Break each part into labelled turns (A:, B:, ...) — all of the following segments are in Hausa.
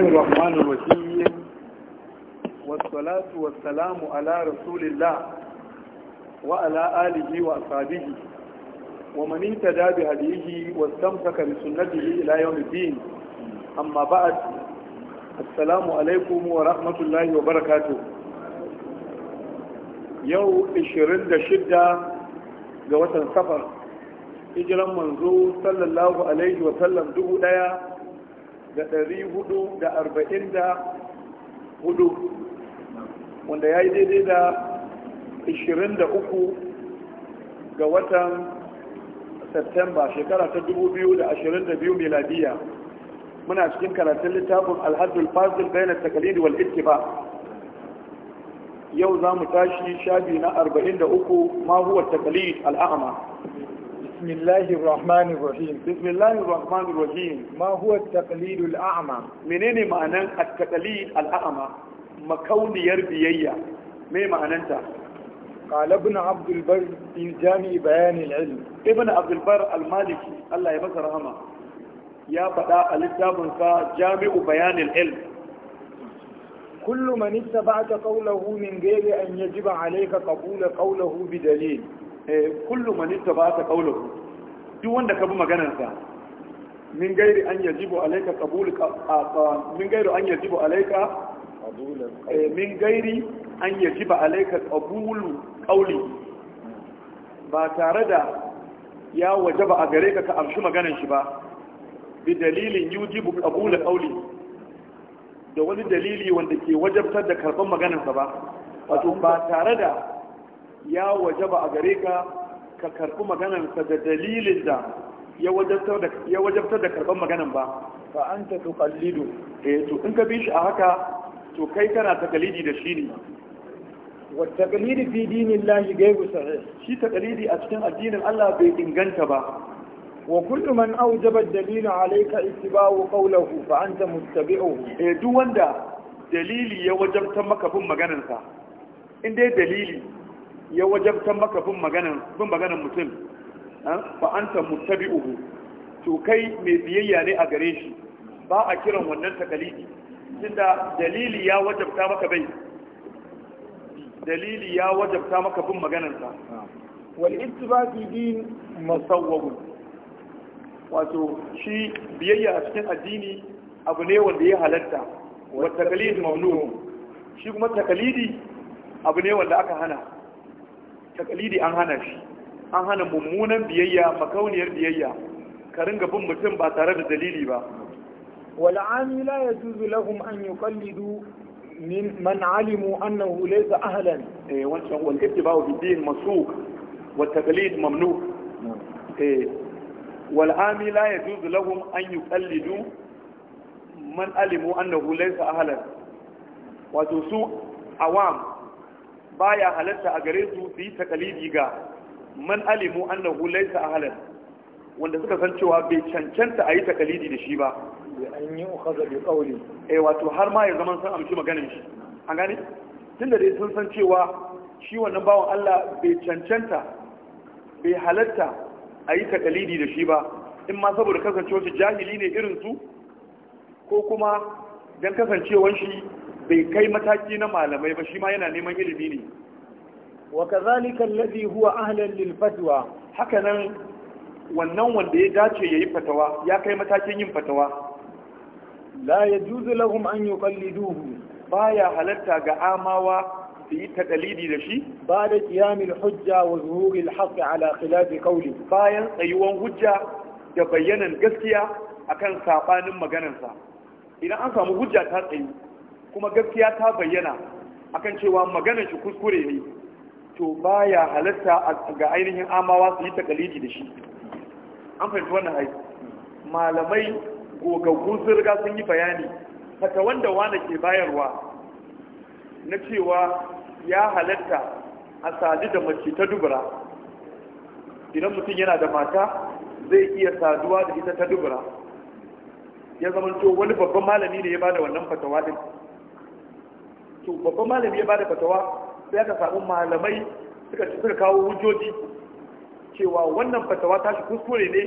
A: الرحمن الرحيم والصلاة والسلام على رسول الله وعلى آله وأصحابه ومن اهتدى بهديه واستمسك بسنته إلى يوم الدين أما بعد السلام عليكم ورحمة الله وبركاته يوم 26 ga watan safar hijiran manzo sallallahu alaihi wa sallam dubu daya da ɗari hudu da arba'in da hudu wanda ya yi daidai da ishirin da uku ga watan satamba shekara ta dubu biyu da ashirin da biyu miladiya muna cikin karatun littafin alhaddul fasil bayan takalidi wal ittiba yau za mu tashi shabi na arba'in da uku ma huwa takalid
B: بسم الله الرحمن الرحيم بسم الله الرحمن الرحيم ما هو التقليد الأعمى منين
A: معنى التقليد الأعمى مكون بيئة ما معنى انت قال ابن عبد البر في جامع بيان العلم ابن عبد البر المالكي الله يبارك رحمه يا بدا الكتاب جامع بيان
B: العلم كل من اتبعت قوله من غير أن يجب عليك قبول قوله بدليل Eh, kullum manista ba ta kaulahu
A: duk wanda ka bi maganarsa min gairi an yajibu alaika qabul min gairi an yajibu alaika eh, min gairi an yajibu alaika qabulu qauli ba tare da ya wajaba a gare ka ka amshi maganar shi ba bi dalilin yujibu qabul qauli da wani dalili wanda ke wajabtar da karban maganarsa ba wato ba tare da ya wajaba a gare ka ka karɓi maganarsa da dalilin da ya wajabtar da karɓar maganan ba Ba an ta tukallido eh to in ka bi shi a haka to kai kana ta takalidi da shi ne wa taqlidi fi dinillahi ghayru sahih shi taqlidi a cikin addinin Allah bai inganta ba
B: wa kullu man awjaba ad-dalil alayka ittiba'u qawlihi fa anta muttabi'uhu eh duk wanda
A: dalili ya wajabtar maka bin maganarsa in dai dalili ya wajabtan maka bin maganan bin maganan mutum fa anta muttabi'uhu to kai mai biyayya ne a gare shi ba a kiran wannan takalidi tunda dalili ya wajabta maka bai dalili ya wajabta maka bin maganarsa wal ittiba fi din musawwab wato shi biyayya a cikin addini abu ne wanda ya halatta wa taqlid mamnu shi kuma taqlidi abu ne wanda aka hana takalidi an hana shi an hana mummunan biyayya makauniyar biyayya ka ringa bin mutum ba tare da dalili ba
B: wal amila yajuzu lahum an yuqallidu min man alimu annahu laysa ahlan
A: eh wancan wal ittiba'u bi din masuk wa taqlid mamnu eh wal amila yajuzu lahum an yuqallidu man alimu annahu laysa ahlan wato su awam baya halarta a gare su su yi takalidi ga man alimu annahu laysa ahlan wanda suka san cewa bai cancanta a yi takalidi da shi ba an yi ukhadha bi qawli eh wato har ma ya zama san amshi maganar shi an gane tunda dai sun san cewa shi wannan bawan Allah bai cancanta bai halarta a yi takalidi da shi ba in ma saboda kasancewa shi jahili ne irin su ko kuma dan kasancewar shi bai kai mataki na malamai ba shi ma yana neman ilimi ne
B: wa kazalika alladhi huwa ahlan lil haka nan wannan
A: wanda ya dace yayi fatawa ya kai matakin yin fatawa la yajuzu
B: lahum an yuqalliduhu baya halatta ga amawa su yi takalidi da shi ba da qiyamil hujja wa zuhuril haqq ala khilafi qawli bayan tsayuwan hujja
A: da bayyanan gaskiya akan sabanin maganarsa idan an samu hujja ta tsayi kuma gaskiya ta bayyana akan cewa magana shi kuskure ne to ba ya halatta ga ainihin amawa su yi takalidi da shi an fahimci wannan ai malamai gogaggu sun riga sun yi bayani fata wanda wanda ke bayarwa na cewa ya halatta a sadu da mace ta dubura idan mutum yana da mata zai iya saduwa da ita ta dubura ya zamanto wani babban malami ne ya bada wannan fatawa din to babban malami ya bada fatawa sai aka samu malamai suka suka kawo hujjoji cewa wannan fatawa tashi kuskure ne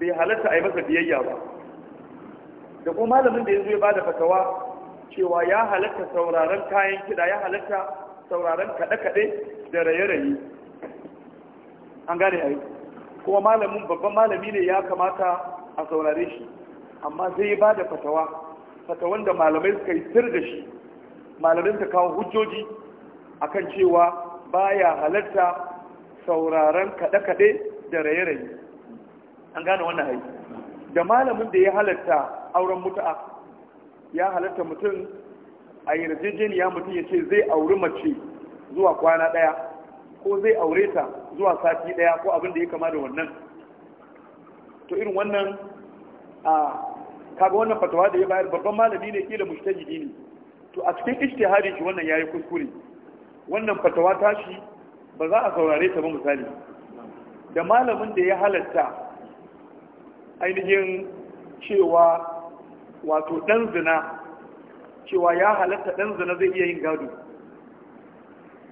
A: bai halarta a yi masa biyayya ba da kuma malamin da ya zo ya bada fatawa cewa ya halarta sauraron kayan kiɗa ya halarta sauraron kaɗe-kaɗe da raye-raye an gane a kuma malamin babban malami ne ya kamata a saurare shi amma zai ba da fatawa fatawan da malamai suka yi sir da shi malamin ta kawo hujjoji akan cewa baya halatta sauraron kaɗe-kaɗe da raye-raye an gane wannan haiti da malamin da ya halatta auren mutu'a ya halatta mutum a yarjejeniya mutum ya ce zai auri mace zuwa kwana ɗaya ko zai aure ta zuwa sati ɗaya ko abin da ya kama da wannan to irin wannan a kaga wannan fatawa da ya bayar babban malami ne kila mushtajidi ne to a cikin ijtihadin shi wannan yayi kuskure wannan fatawa tashi ba za a saurare ta ba misali da malamin da ya halatta ainihin cewa wato dan zina cewa ya halatta dan zina zai iya yin gado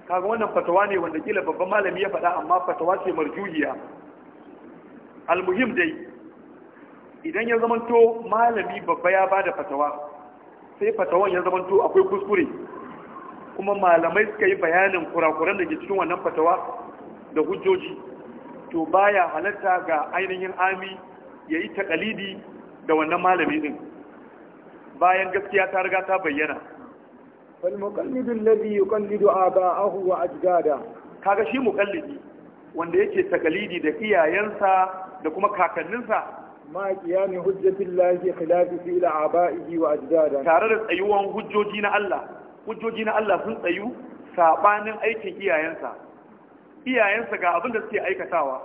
A: kaga wannan fatawa ne wanda kila babban malami ya faɗa amma fatawa ce marjuhiya almuhim dai idan ya zama to malami babba ya bada fatawa sai fatawan ya zamanto akwai kuskure kuma malamai suka yi bayanin kurakuran da ke cikin wannan fatawa da hujjoji to baya halatta ga ainihin ami ya yi takalidi da wannan malami din bayan gaskiya ta riga ta bayyana
B: فالمقلد الذي a آباءه وأجداده
A: kaga shi muƙallidi wanda yake takalidi da iyayensa da kuma
B: kakanninsa ma qiyami hujjatillahi khilafi fi ila abaihi wa ajdada tare da
A: tsayuwan hujjoji na Allah hujjoji na Allah sun tsayu sabanin aikin iyayensa iyayensa ga abin da suke aikatawa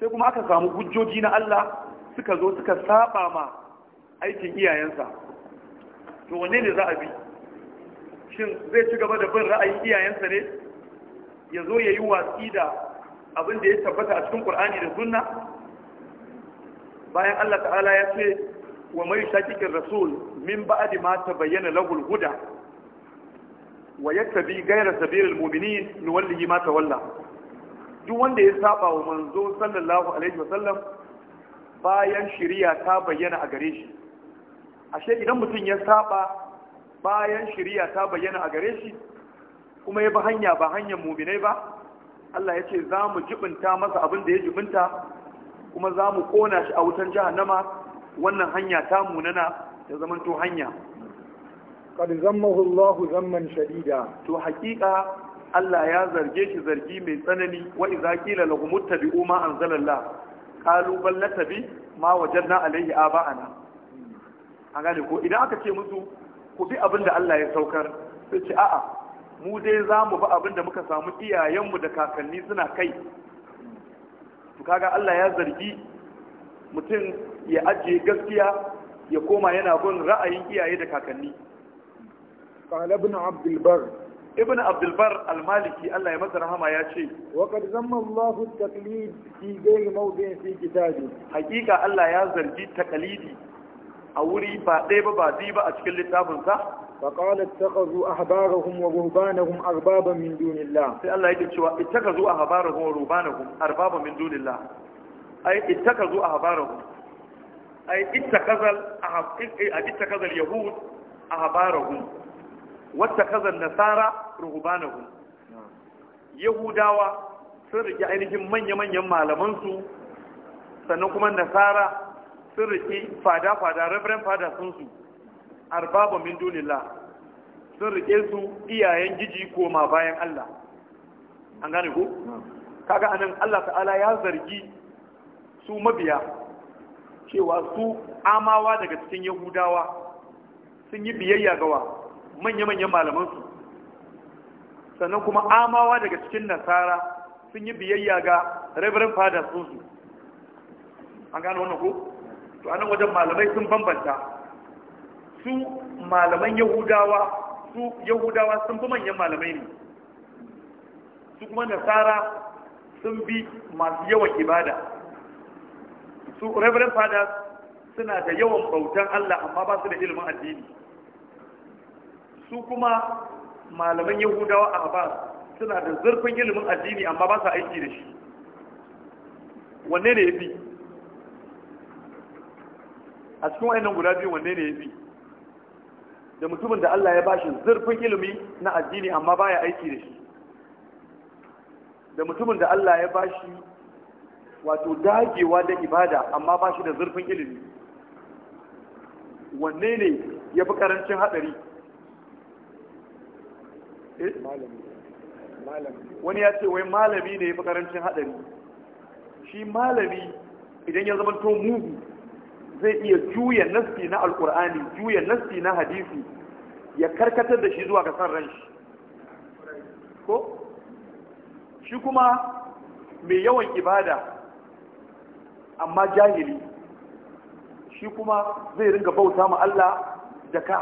A: sai kuma aka samu hujjoji na Allah suka zo suka saba ma aikin iyayensa to wanne ne za a bi shin zai ci gaba da bin ra'ayin iyayensa ne ya zo ya yi watsi da abin da ya tabbata a cikin ƙur'ani da sunna bayan Allah ta'ala ya ce wa mai shakikin rasul min ba'adi ma ta bayyana lagul huda wa yattabi gaira sabirul mu'minin nuwallihi ma walla. duk wanda ya saba wa manzo sallallahu alaihi wa sallam bayan shari'a ta bayyana a gare shi ashe idan mutum ya saba bayan shari'a ta bayyana a gare shi kuma ya bi hanya ba hanyar mu'minai ba Allah ya ce za mu jibinta masa abin da ya jibinta kuma za mu kona shi a wutan jahannama wannan hanya ta munana ta to hanya
B: qad zammahu Allah zamman shadida to haƙiƙa
A: Allah ya zarge shi zargi mai tsanani wa idza qila lahum ittabi'u ma an qalu bal natabi ma wajadna alayhi aba'ana A gane ko idan aka ce musu ku bi abin da Allah ya saukar sai ce a'a mu dai za mu bi abin da muka samu iyayenmu da kakanni suna kai to kaga Allah ya zargi mutum ya ajiye gaskiya ya koma yana bin ra'ayin iyaye da kakanni
B: qala ibn abd albar ibn abd albar
A: almaliki
B: Allah ya masa rahama ya ce Wakar qad zamma Allah at-taqlid fi ghayri
A: hakika Allah ya zargi takalidi a wuri ba ɗaya ba ba ba a cikin littafinsa
B: فقال اتخذوا أحبارهم ورهبانهم أربابا من دون الله في الله يجب
A: شواء اتخذوا أحبارهم ورهبانهم أربابا من دون الله أي اتخذوا أحبارهم أي اتخذ اتخذ اليهود أحبارهم واتخذ النصارى رهبانهم يهوداوا sun rike ainihin manya-manyan malamansu sannan kuma nasara sun rike fada-fada reverend fada sunsu arbaba min dunillah sun rike su iyayen giji koma bayan Allah an gane ko kaga anan Allah ta'ala ya zargi su mabiya cewa su amawa daga cikin yahudawa sun yi biyayya gawa manya-manyan malamansu sannan kuma amawa daga cikin nasara sun yi biyayya ga reverend father su? an gane wannan ko to anan wajen malamai sun bambanta su malaman yahudawa su yahudawa sun fi manyan malamai ne su kuma nasara sun bi masu yawan ibada su reverend fathers suna da yawan bautan allah amma ba su da ilimin addini su kuma malaman yahudawa a Abbas suna da zurfin ilimin addini amma ba su aiki da shi wanne ne ya fi a cikin wa'annan guda biyu wanne ne ya fi da mutumin da Allah ya bashi zurfin ilimi na addini amma baya aiki da shi da mutumin da Allah ya bashi wato dagewa da ibada amma bashi da zurfin ilimi wanne ne ya fi karancin hadari eh? wani ya ce wai malami ne ya fi karancin hadari shi malami idan ya zama to mugu zai iya juya nasi na alkur'ani juya nasi na hadisi ya karkatar da shi zuwa ga san ranshi ko shi kuma mai yawan ibada amma jahili shi kuma zai ringa bauta ma Allah da ka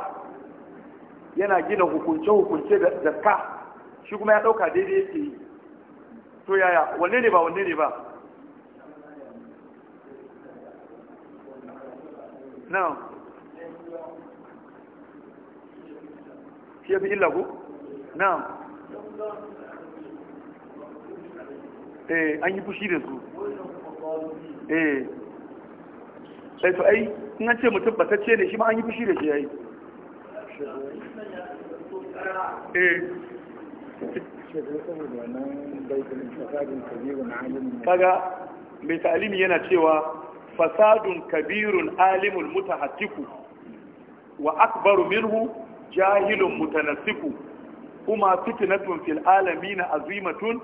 A: yana gina hukunce-hukunce da ka shi kuma ya ɗauka daidai yake yi to yaya wanne ne ba wanne ne ba na'am shi eh, an yi fushi da su eh. Eh, ai ce mutum batacce ne shi ma an yi da shi yayi kaga mai ta'alimi yana cewa fasadun kabirun alimul mutahatiku wa akbaru minhu jahilun mutanasiku, kuma fitnatun fil alamin azimatun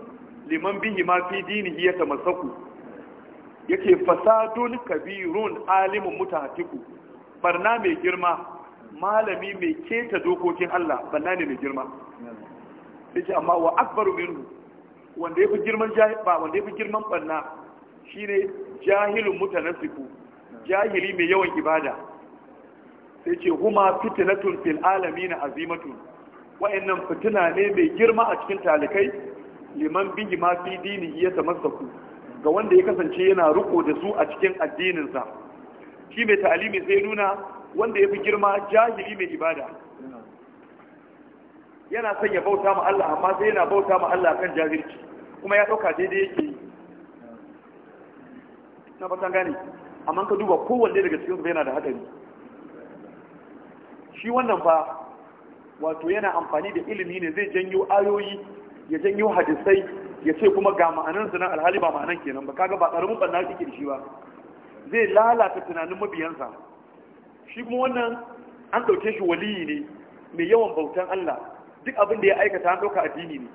A: liman bihi ma fi dinihi yatamassaku yake fasadun kabirun alimun mutahatiku barna mai girma malami mai keta dokokin Allah barna ne mai girma sai amma wa akbaru minhu wanda yafi girman girman barna Shi ne jahilin mutanen siku jahili mai yawan ibada sai ce huma fitnatun fil na azimatun wa'annan fitina ne mai girma a cikin talikai liman biyu ma fi dini ya tamassaku ga wanda ya kasance yana riko da su a cikin addininsa shi mai talimi sai nuna wanda ya fi girma jahili mai ibada yana son ya bauta ma Allah amma sai yana bauta ma Allah kan jahilci kuma ya ɗauka daidai yake yi na fatan gane amma ka duba kowanne daga cikin su yana da hadari shi wannan fa wato yana amfani da ilimi ne zai janyo ayoyi ya janyo hadisai ya ce kuma ga ma'anan sunan alhali ba ma'anan kenan ba kaga ba karamin banna yake shi ba zai lalata tunanin mabiyansa shi kuma wannan an ɗauke shi waliyi ne mai yawan bautan Allah duk abin da ya aikata an dauka addini ne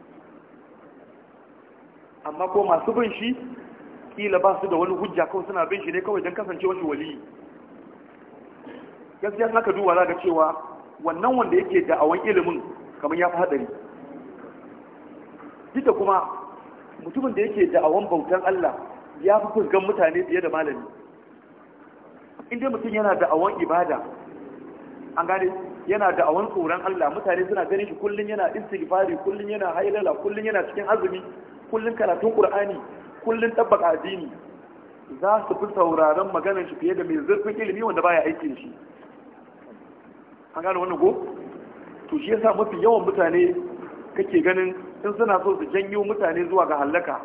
A: amma ko masu bin shi kila ba su da wani hujja kawai suna bin shi ne kawai don kasance wani wali gaskiya suna ka duba za cewa wannan wanda yake da'awan ilimin kamar ya fi haɗari duk kuma mutumin da yake da'awan bautan Allah ya fi fuskan mutane fiye da malami inda mutum yana da'awan ibada an gane yana da'awan tsoron Allah mutane suna ganin shi kullum yana istighfari kullum yana hailala kullum yana cikin azumi kullum karatun qur'ani kullun tabbaka addini za su fi sauraron maganar shi fiye da mai zurfin ilimi wanda baya aiki da shi an gano wannan go? to shi yasa mafi yawan mutane kake ganin in suna so su janyo mutane zuwa ga hallaka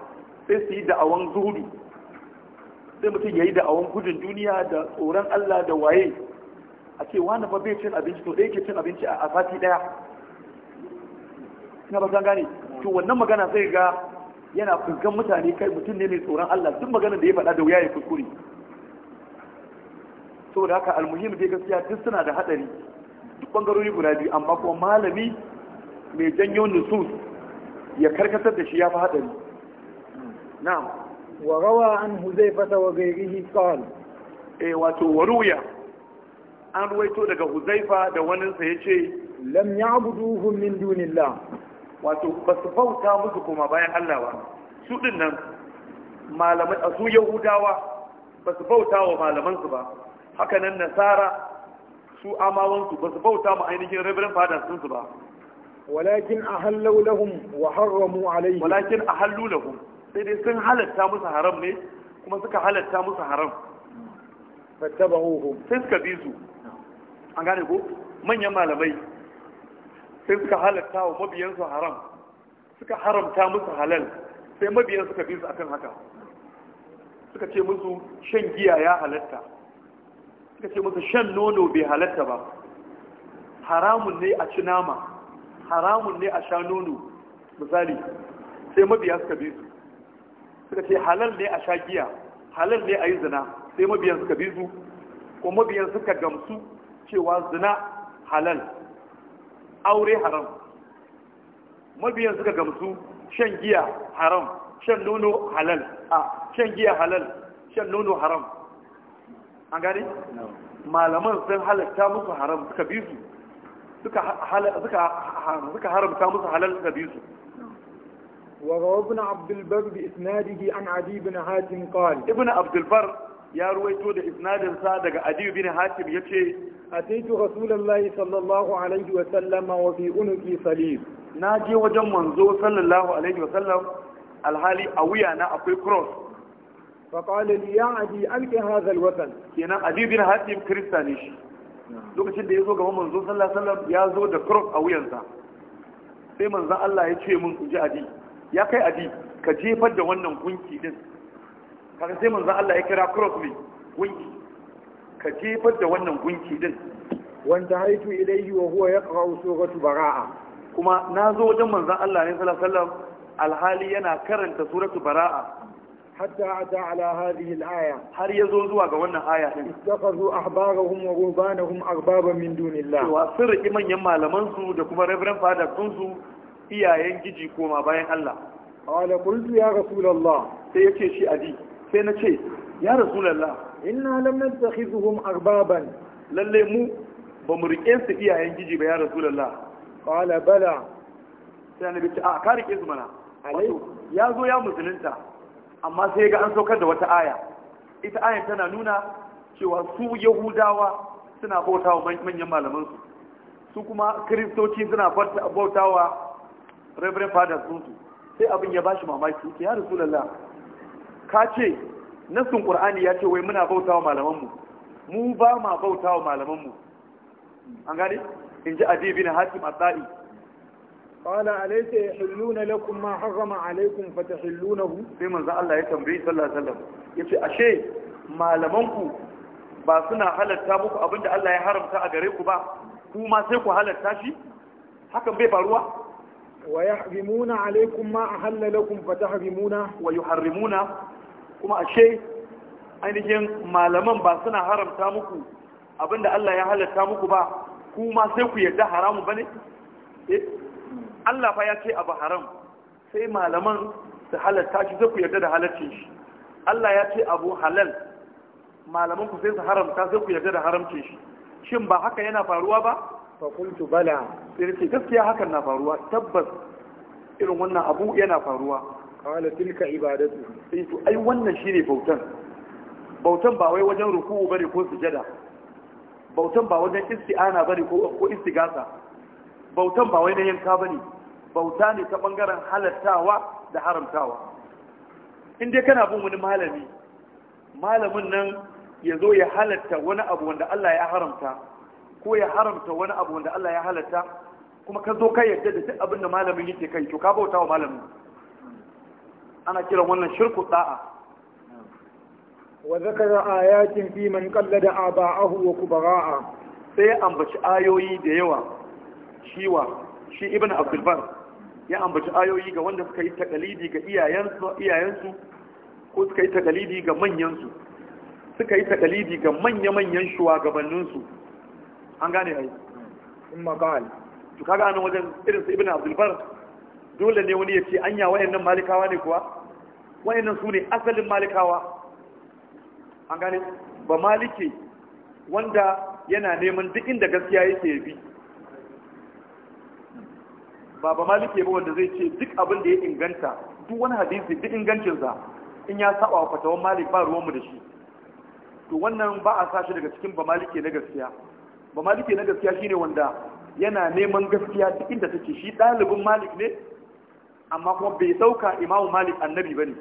A: sai su yi da'awan zuhudu sai mutum ya yi da'awan gudun duniya da tsoron Allah da waye a ce wani fa bai cin abinci to ɗaya ke cin abinci a sati ɗaya Na ba gane to wannan magana zai ga yana fuskan mutane kai mutum ne mai tsoron Allah duk magana da ya faɗa da wuya ya kuskure saboda haka almuhim dai gaskiya duk suna da hadari duk bangarori guda biyu amma kuma malami mai janyo nusus ya karkatar
B: da shi ya fi hadari na'am wa rawa an huzaifata wa gairihi qal eh wato
A: waruya an ruwaito daga huzaifa da waninsa ce. lam ya'buduhum min dunillah wato ba su bauta musu koma bayan Allah ba su din nan malamai a su yahudawa ba su bauta
B: wa malamansu ba
A: haka nan nasara su amawansu ba su bauta ma ainihin reverend father sun su ba
B: walakin ahallu lahum wa harramu alaihi walakin
A: ahallu lahum sai dai sun halatta musu haram ne kuma suka halatta musu haram fattabahu sai suka bi su an gane ko manyan malamai sai suka halatta wa mabiyansu haram suka haramta musu halal sai mabiyansu suka bi su akan haka suka ce musu shan giya ya halatta suka ce musu shan nono bai halatta ba haramun ne a ci nama haramun ne a sha nono misali sai mabiya suka bi su suka ce halal ne a sha giya halal ne a yi zina sai mabiyan suka bi su ko mabiyan suka gamsu cewa zina halal aure haram mabiyan suka gamsu shan giya haram shan nono halal a shan giya halal shan nono haram an gane malaman sun halatta musu haram suka bi su
B: suka haramta
A: musu halal suka bi su
B: وروى ابن عبد البر بإسناده عن عدي بن هاتم قال ابن عبد البر
A: يا رويتو ده إسناد سادق عدي بن هاتم يتشي
B: أتيت رسول الله صلى الله عليه وسلم وفي أنكي صليب ناجي وجن منزو صلى الله عليه
A: وسلم الحالي أويانا أقوي كروس
B: فقال لي يا عدي ألك هذا الوثن كنا عدي بن هاتم
A: كريستانيش
B: lokacin da ya zo gaba manzo
A: sallallahu alaihi ya zo da cross a wuyansa sai manzo Allah ya ce mun ji adi ya kai adi ka jefar da wannan gunki din kaga sai manzo Allah ya kira cross ne gunki ka jefar da wannan gunki
B: din wanda haitu ilaihi wa huwa yaqra suratu baraa kuma na zo wajen manzon Allah ne sallallahu
A: alhali yana karanta suratu baraa
B: hatta ata ala hadhihi alaya har yazo zuwa ga wannan aya din istaqazu ahbarahum wa rubanahum arbaban min dunillah wa
A: sirri manyan malaman su da kuma reverend father sun su iyayen jiji koma bayan Allah
B: qala qultu ya rasulullah sai yace shi adi sai na ce ya rasulallah
A: inna lam nattakhizuhum arbaban lalle mu ba mu rike su iyayen giji ba ya rasulallah qala bala sai annabi ta, a ka su mana ya zo ya musulunta amma sai ga an saukar da wata aya ita ayan tana nuna cewa su yahudawa suna bauta manyan malamansu su kuma kiristoci suna bautawa wa reverend father sun sai abin ya bashi mamaki ya rasulallah ka ce nassun qur'ani ya ce wai muna bautawa malaman mu mu ba ma bautawa malaman mu an gane in ji adi bin hatim asai
B: qala alaysa yahilluna lakum ma harrama alaykum fatahillunahu sai manzo Allah ya tambayi sallallahu alaihi wasallam yace ashe
A: malaman ku ba suna halatta muku abinda Allah ya haramta a gare ku ba kuma sai ku halatta shi hakan bai faruwa
B: wa yahrimuna alaykum ma ahalla lakum fatahrimuna wa yuharrimuna kuma ashe ainihin
A: malaman ba suna haramta muku abinda Allah ya halatta muku ba kuma sai ku yarda haramu bane eh, Allah fa ya ce abu haram sai malaman su halatta shi sai ku yarda da halaccin shi Allah ya ce abu halal malaman ku sai su haramta sai ku yarda da haramcin shi shin ba haka yana faruwa ba fa kuntu bala sai ce gaskiya hakan na faruwa tabbas irin wannan abu yana faruwa qala tilka
B: ibadatu sai to
A: ai wannan shine bautan bautan ba wai wajen ruku'u bare ko sujada bautan ba wajen isti'ana bare ko ko istigasa bautan ba wai na yanka bane bauta ne ta bangaren halattawa da haramtawa in dai kana bin wani malami malamin nan ya zo ya halatta wani abu wanda Allah ya haramta ko ya haramta wani abu wanda Allah ya halatta kuma ka zo ka yarda da duk abin da malamin yake kai to ka bauta wa malamin ana kiran wannan shirku da'a
B: wa zakara ayatin fi man qallada aba'ahu wa kubara'a sai ya ambaci ayoyi da
A: yawa shiwa shi ibn abdul bar ya ambaci ayoyi ga wanda suka yi takalidi ga iyayensu iyayensu ko suka yi takalidi ga manyansu suka yi takalidi ga manya-manyan shugabanninsu an gane ai in magal to kaga an wajen irin su ibn abdul bar dole ne wani ya ce anya wayannan malikawa ne kuwa wayannan su ne asalin malikawa an gane ba malike wanda yana neman duk inda gaskiya yake bi ba ba malike ba wanda zai ce duk abin da ya inganta duk wani hadisi duk ingancinsa in ya saba wa fatawan malik ba ruwanmu da shi to wannan ba a sashi daga cikin ba malike na gaskiya ba malike na gaskiya shine wanda yana neman gaskiya duk inda take shi ɗalibin malik ne amma kuma bai dauka imamu malik annabi ba ne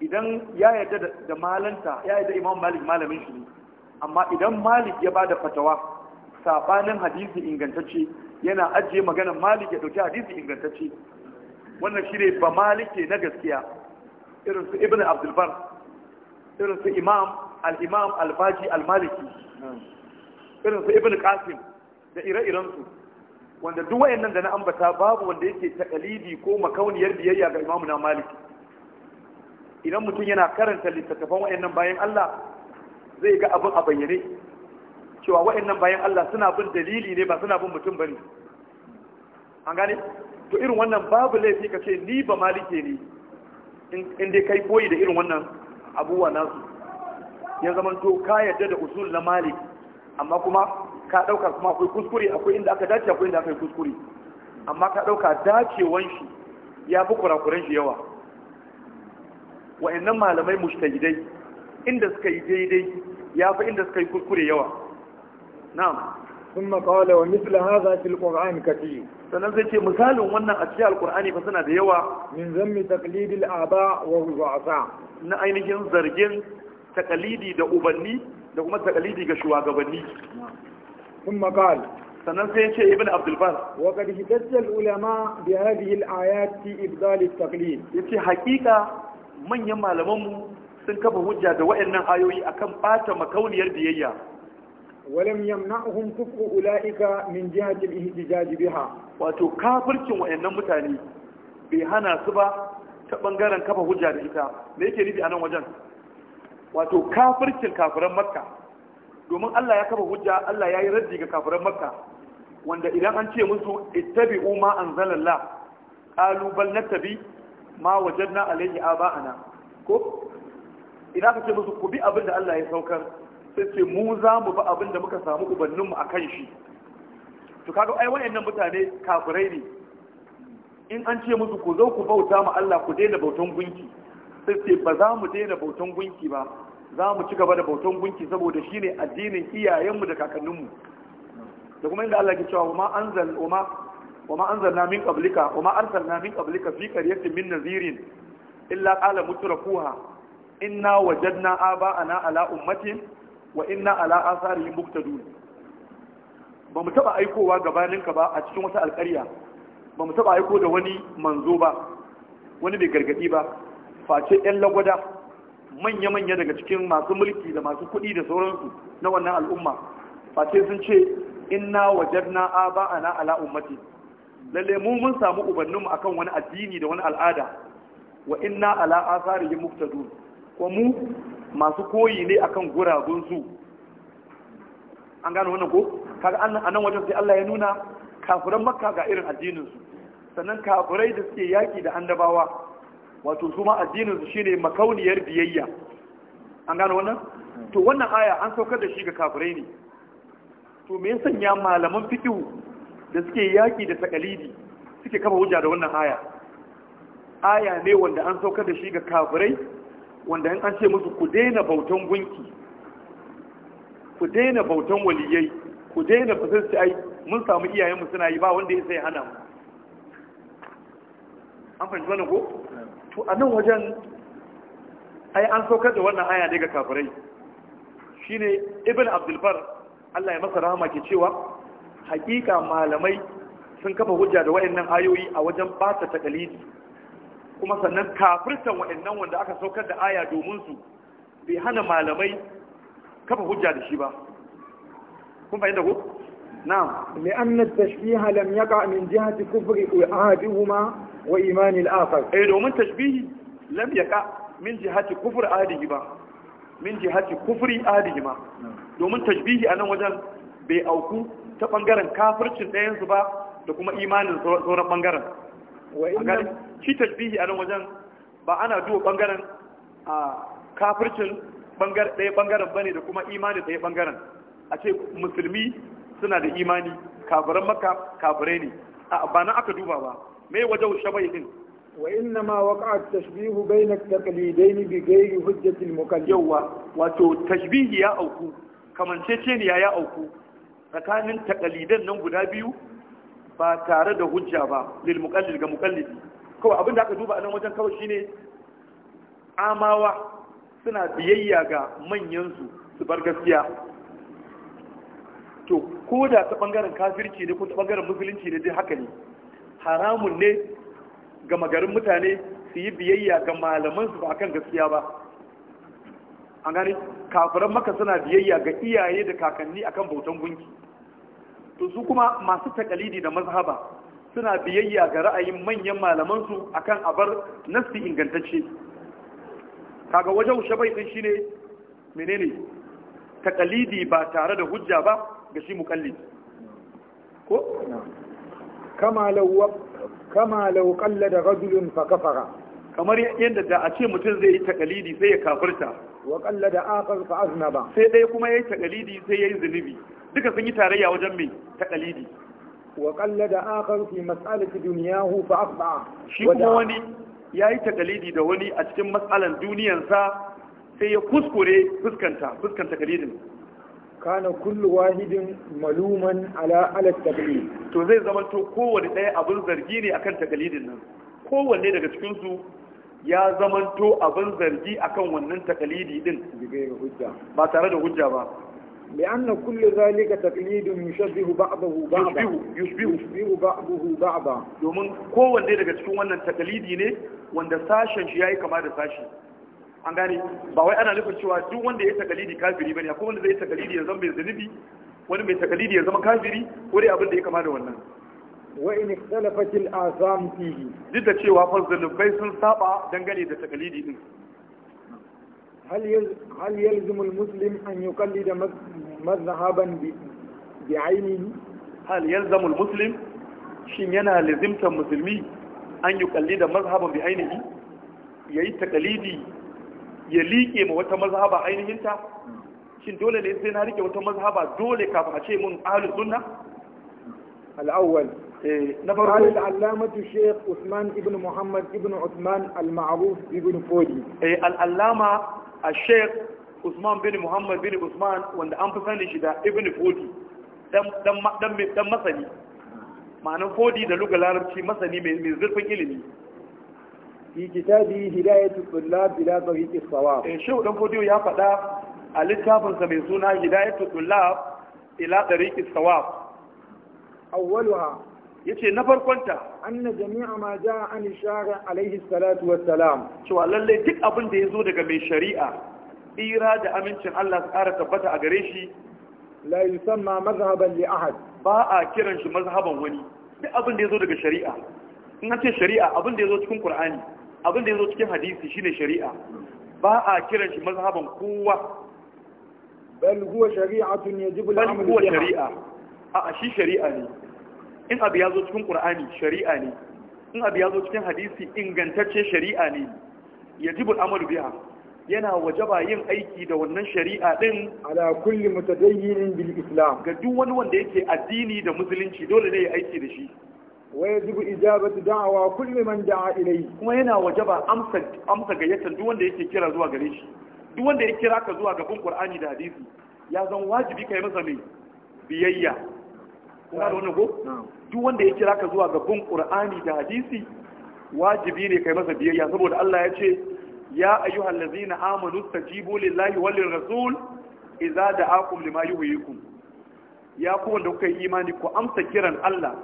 A: idan ya yarda da malanta ya yarda imamu malik malamin shi ne amma idan malik ya ba da fatawa sabanin hadisi ingantacce yana ajiye magana malik ya dauki hadisi ingantacce wannan shi ne ba malik ke na gaskiya irin su ibn abdulbar irin su imam al-imam al-baji al-maliki irin su ibn qasim da ire-irensu wanda duk wayannan da na ambata babu wanda yake takalidi ko makauniyar biyayya ga imamu na maliki idan mutum yana karanta littattafan wayannan bayan Allah zai ga abin a bayyane cewa wayannan bayan Allah suna bin dalili ne ba suna bin mutum bane an gane to irin wannan babu laifi ka ce ni ba malike ne in dai kai koyi da irin wannan abubuwa nasu ya zama to ka yarda da usul na maliki amma kuma ka ɗauka kuma akwai kuskure akwai inda aka dace akwai inda aka yi kuskure amma ka ɗauka dacewan shi ya fi kurakuran shi yawa wa'annan malamai mushtahidai inda suka yi daidai ya fi inda suka yi kuskure yawa na'am ثم wa ومثل هذا fil qur'an كثير sannan zai ce misalin wannan a cikin alkur'ani fa suna da yawa
B: min zammi taqlidil aba wa ru'asa
A: na ainihin zargin taqlidi da ubanni da kuma takalidi ga shugabanni ثم قال sannan sai ce ibn abdulbar
B: wa qad hidajjal ulama bi hadhihi al-ayat
A: fi ibdal at-taqlid yace manyan malaman mu sun kafa hujja da wayannan ayoyi akan ɓata makauniyar biyayya
B: walam yamna'uhum kufru ulaika min jihati al-ihtijaj biha wato kafircin wayannan mutane
A: bai hana su ba ta ɓangaren kafa hujja da ita me yake nufi a nan wajen wato kafircin kafiran makka domin Allah ya kafa hujja Allah ya yi raddi ga kafiran makka wanda idan an ce musu ittabi'u ma anzalallah qalu bal natabi ma wajadna alayhi aba'ana ko idan ka ce musu ku bi abin Allah ya saukar sai ce mu za mu bi abin muka samu ubanninmu a kai shi to kaga ai wayannan mutane kafirai ne in an ce musu ku zo ku bauta ma Allah ku daina bautan gunki sai ba za mu daina bautan gunki ba za mu ci gaba da bautan gunki saboda shi ne addinin iyayenmu da kakanninmu da kuma inda Allah ke cewa wa ma zanna min qablika wa ma na min qablika fi qaryatin min nazirin illa na mutrafuha inna wajadna aba'ana ala ummatin wa inna ala asarihim muqtadun ba mu taba aikowa gabaninka ba a cikin wata alƙarya ba mu taba aiko da wani manzo ba wani bai gargadi ba face 'yan lagwada manya-manya daga cikin masu mulki da masu kuɗi da sauransu na wannan al'umma face sun ce inna wajadna aba'ana ala ummati lalle mu mun samu ubanninmu akan wani addini da wani al'ada wa inna ala yin muftadun ko mu masu koyi ne akan guragun su an gano wannan ko kaga anan wajen sai Allah ya nuna kafiran makka ga irin addinin su sannan kafurai da suke yaki da annabawa wato su ma addinin su shine makauniyar biyayya an gano wannan to wannan aya an saukar da shi ga kafirai ne to me yasa ya malaman fiqh da suke yaki da takalidi suke kafa hujja da wannan aya aya ne wanda an saukar da shi ga kafirai wanda an ce musu ku daina bautan gunki ku daina bautan waliyai ku daina fasalci ai mun samu iyayenmu suna yi ba wanda ya sai hana mu an fahimci wannan ko to a nan wajen ai an saukar da wannan aya ne ga kafirai shine ibn abdulbar Allah ya masa rahama ke cewa hakika malamai sun kafa hujja da wayannan ayoyi a wajen bata takalidi kuma sannan kafirtan wayannan wanda aka saukar da aya domin su bai hana malamai kafa hujja da shi ba kun fahimta ko
B: na'am li'anna at-tashbih lam yaqa min jihati kufri ahadihuma wa imani al-akhar eh domin tashbihi
A: lam yaqa min jihati kufr adihi ba min jihati kufri adihi ma domin tashbihi nan wajen bai auku ta bangaren kafircin ɗayan su ba da kuma imanin sauran bangaren shi tashbihi a nan wajen ba ana duwa bangaren kafircin kafircin ɗaya bangaren bane da kuma imanin ɗaya bangaren a ce musulmi suna da imani kafiran maka kafirai ne ba na aka duba ba me wajen shabahin
B: وإنما وقع التشبيه بين التقليدين بغير حجة المكلف يوا واتو تشبيه
A: يا أوكو كمان تشين يا ya auku. tsakanin takalidan nan guda biyu ba tare da hujja ba lil mukallid ga mukallidi kawai abin da aka duba a nan wajen kawai shine amawa suna biyayya ga manyan su su bar gaskiya to ko da ta bangaren kafirci ne ko ta bangaren musulunci ne dai haka ne haramun ne ga magarin mutane su yi biyayya ga malamansu ba kan gaskiya ba an gani kafiran maka suna biyayya ga iyaye da kakanni akan bautan gunki to su kuma masu takalidi da mazhaba suna biyayya ga ra'ayin manyan malamansu akan abar nasi ingantacce kaga wajen shabai din shine menene takalidi ba tare da hujja ba ga shi muqallid
B: ko kama lau kalla da rajulun fa kafara
A: kamar yadda da a ce mutum zai yi takalidi sai ya kafirta wa da akar fa aznaba sai dai kuma yayi takalidi sai yayi zunubi duka sun yi tarayya wajen mai takalidi
B: wa da akar fi mas'alati dunyahu fa afba shi kuma wani
A: yayi takalidi da wani a cikin mas'alan duniyansa sai ya kuskure fuskanta fuskanta takalidin
B: kana kullu wahidin maluman ala ala taqlid
A: to zai zama to kowanne ɗaya abin zargi ne akan taqlidin nan kowanne daga cikin su ya zama to abin zargi akan wannan taqlidi din
B: ba tare da hujja ba anna kullu zalika taqlidun يشبه ba'dahu ba'dahu yushbihu yushbihu ba'dahu ba'dahu
A: domin kowanne daga cikin wannan taqlidi ne wanda sashen shi yayi kama da sashi an gane ba wai ana nufin cewa duk wanda ya tagalidi kafiri bane akwai wanda zai tagalidi ya zama mai zunubi wani mai tagalidi ya zama kafiri ko dai abin da ya kama da wannan
B: wa in ikhtalafat al azam fihi
A: duk da cewa fa zunubai sun saba dangane da tagalidi din
B: hal hal yalzimu al muslim an yuqallida mazhaban bi bi ainihi hal yalzamu al muslim
A: shin yana lazimtar musulmi an yuqallida mazhaban bi ainihi yayi takalidi ya liƙe ma wata mazhaba ainihinta shin dole ne sai na rike wata mazhaba dole kafin a ce mun ahlus sunna
B: al-awwal eh, na farko al-allamatu shaykh Usman ibn Muhammad ibn Usman al-ma'ruf ibn Fodi
A: eh al-allama al-shaykh Usman bin Muhammad bin Usman wanda an fi sani shi da ibn Fodi dan dan dan masani ma'anan Fodi da lugar larabci masani mai zurfin ilimi fi kitabi hidayatu tullab ila tariqis sawab eh shehu dan fodiyo ya faɗa a littafin littafinsa mai suna hidayatu tullab ila tariqis sawab
B: awwaluha yace na farkonta anna jami'a ma jaa an shari alaihi salatu wassalam cewa lalle duk abin da yazo daga mai shari'a
A: tsira da amincin Allah su kara tabbata a gare shi
B: la yusamma mazhaban li ahad
A: ba a kiran shi mazhaban wani duk abin da yazo daga shari'a in an ce shari'a abin da yazo cikin Qur'ani abin da ya zo cikin hadisi shine shari'a ba a kiran shi mazhaban kowa
B: bal huwa shari'atun yajibu al-amal bal huwa shari'a
A: a shi shari'a ne in abu ya zo cikin qur'ani shari'a ne in abu ya zo cikin hadisi ingantacce shari'a ne yajibu al-amal biha yana wajaba yin aiki da wannan shari'a din ala kulli mutadayyin bil islam ga duk wani wanda yake addini da musulunci dole ne ya aiki da shi
B: ويجب إجابة دعوة كل من دعا
A: إليه kuma yana وجب amsa amsa gayyatar duk wanda yake kira zuwa gare shi duk wanda ya kira ka zuwa gaban Qur'ani da hadisi ya wajibi kai masa mai biyayya kuma
C: duk
A: wanda ya kira ka zuwa gaban Qur'ani da hadisi wajibi ne kai masa biyayya saboda Allah ya ce ya ayyuhal ladzina amanu stajibu lillahi wal rasul idza da'akum lima yuhyikum ya ku kuka yi imani ku amsa kiran Allah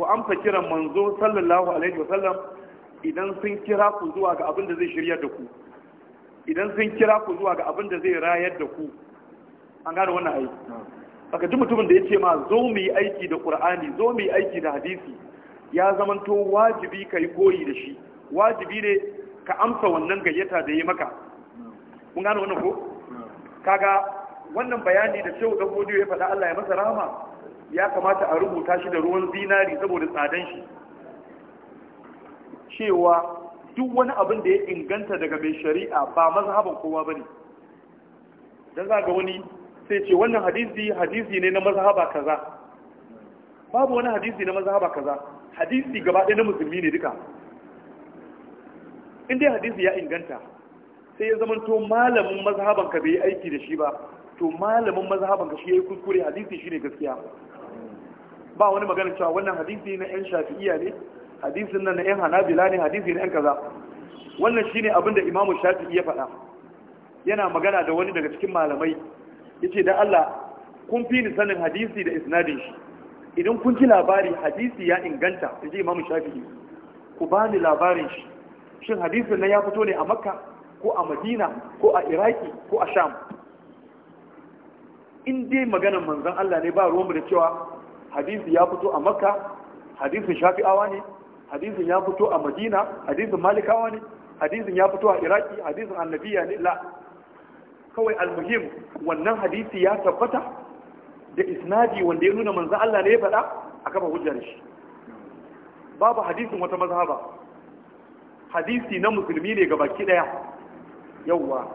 A: ku amsa kiran manzo sallallahu alaihi wasallam idan sun kira ku zuwa ga abin da zai shirya da ku idan sun kira ku zuwa ga abin da zai rayar da ku an gane wannan aiki saka duk mutumin da ya ce ma zo mu yi aiki da qur'ani zo mu yi aiki da hadisi ya zamanto wajibi kai koyi da shi wajibi ne ka amsa wannan gayyata da ya maka mun gane wannan ko hmm. kaga wannan bayani da shehu dan bodiyo ya faɗa Allah ya masa rahama ya kamata a rubuta shi da ruwan zinari saboda tsadan shi cewa duk wani abin da ya inganta daga mai shari'a ba mazhaban kowa bane dan za ga wani sai ce wannan hadisi hadisi ne na mazhaba kaza babu wani hadisi na mazhaba kaza hadisi gaba ɗaya na musulmi ne duka in dai hadisi ya inganta sai ya zama to malamin mazhaban ka bai aiki da shi ba to malamin mazhaban ka shi yayi kuskure hadisi shine gaskiya ba wani magana cewa wannan hadisi na yan shafi'iyya ne hadisin nan na yan hanabila ne hadisi na yan kaza wannan shine abin da imamu shafi'i ya faɗa yana magana da wani daga cikin malamai Ya ce da Allah kun fi ni sanin hadisi da isnadin shi idan kun ji labari hadisi ya inganta yace imamu shafi'i ku ba ni labarin shi shin hadisin nan ya fito ne a makka ko a madina ko a iraki ko a sham in dai maganar manzon Allah ne ba ruwanmu da cewa hadisi ya fito a makka hadisin shafi'awa ne hadisin ya fito a madina hadisin malikawa ne hadisin ya fito a iraki hadisin annabiya ne la kawai almuhim wannan hadisi ya tabbata da isnadi wanda ya nuna manzan Allah ne ya faɗa a kafa hujjar shi babu hadisin wata mazhaba hadisi na musulmi ne gabaki daya
B: yawwa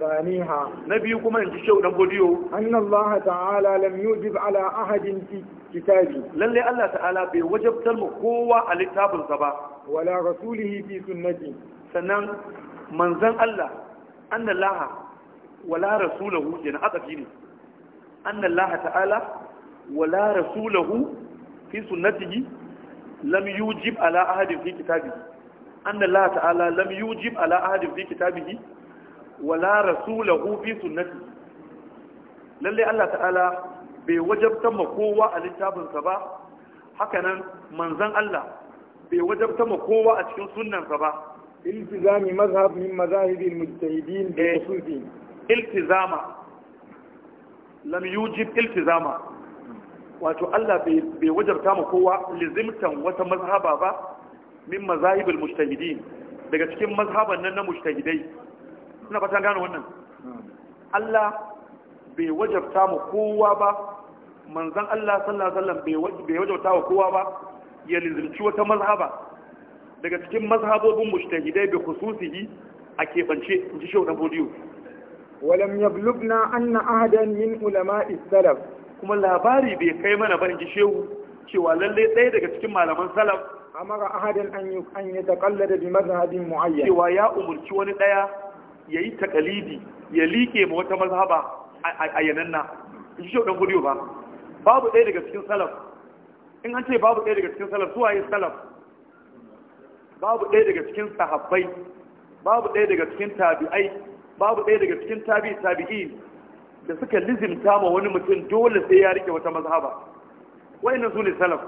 B: ثانيها نبي كما إن شو نقوليو أن الله تعالى لم يوجب على أحد في كتابه للي الله تعالى بوجب تلم قوة على كتاب الصبا
A: ولا رسوله في سنته سنن منزل الله أن الله ولا رسوله جنا أتفيني أن الله تعالى ولا رسوله في سنته لم يوجب على أحد في كتابه أن الله تعالى لم يوجب على أحد في كتابه wala rasulahu fi sunnati lalle Allah ta'ala bai wajabta ma kowa a littafinsa ba hakanan manzon Allah bai wajabta ma kowa a cikin sunnansa ba
B: iltizami mazhab min mazahibil mujtahidin bi eh, usufi
A: iltizama lam yujib iltizama wato Allah bai wajabta ma kowa lizimtan wata mazhaba ba min mazahibul mujtahidin daga cikin mazhaban nan na mujtahidai suna fatan gano wannan Allah bai wajabta mu kowa ba manzan Allah sallallahu alaihi wasallam bai wajabta wa kowa ba ya lizirci wata mazhaba daga cikin mazhabobin mujtahidai bi khususihi a kebance in ji shaudan bodiyo
B: walam yablughna anna ahadan min ulama'i salaf kuma labari bai
A: kai mana ba in ji shehu cewa lalle ɗaya daga cikin malaman salaf
B: amara ahadan an yi an yi taƙallada bi mazhabin muayyan cewa ya umurci wani ɗaya ya yi takalidi
A: ya liƙe ma wata mazhaba a yananna in shi ɗan ba babu ɗaya daga cikin salaf in an ce babu ɗaya daga cikin salaf su waye salaf babu ɗaya daga cikin sahabbai babu ɗaya daga cikin tabi'ai babu ɗaya daga cikin tabi'i tabi'in da suka lizimta ma wani mutum dole sai ya rike wata mazhaba wayannan su ne salaf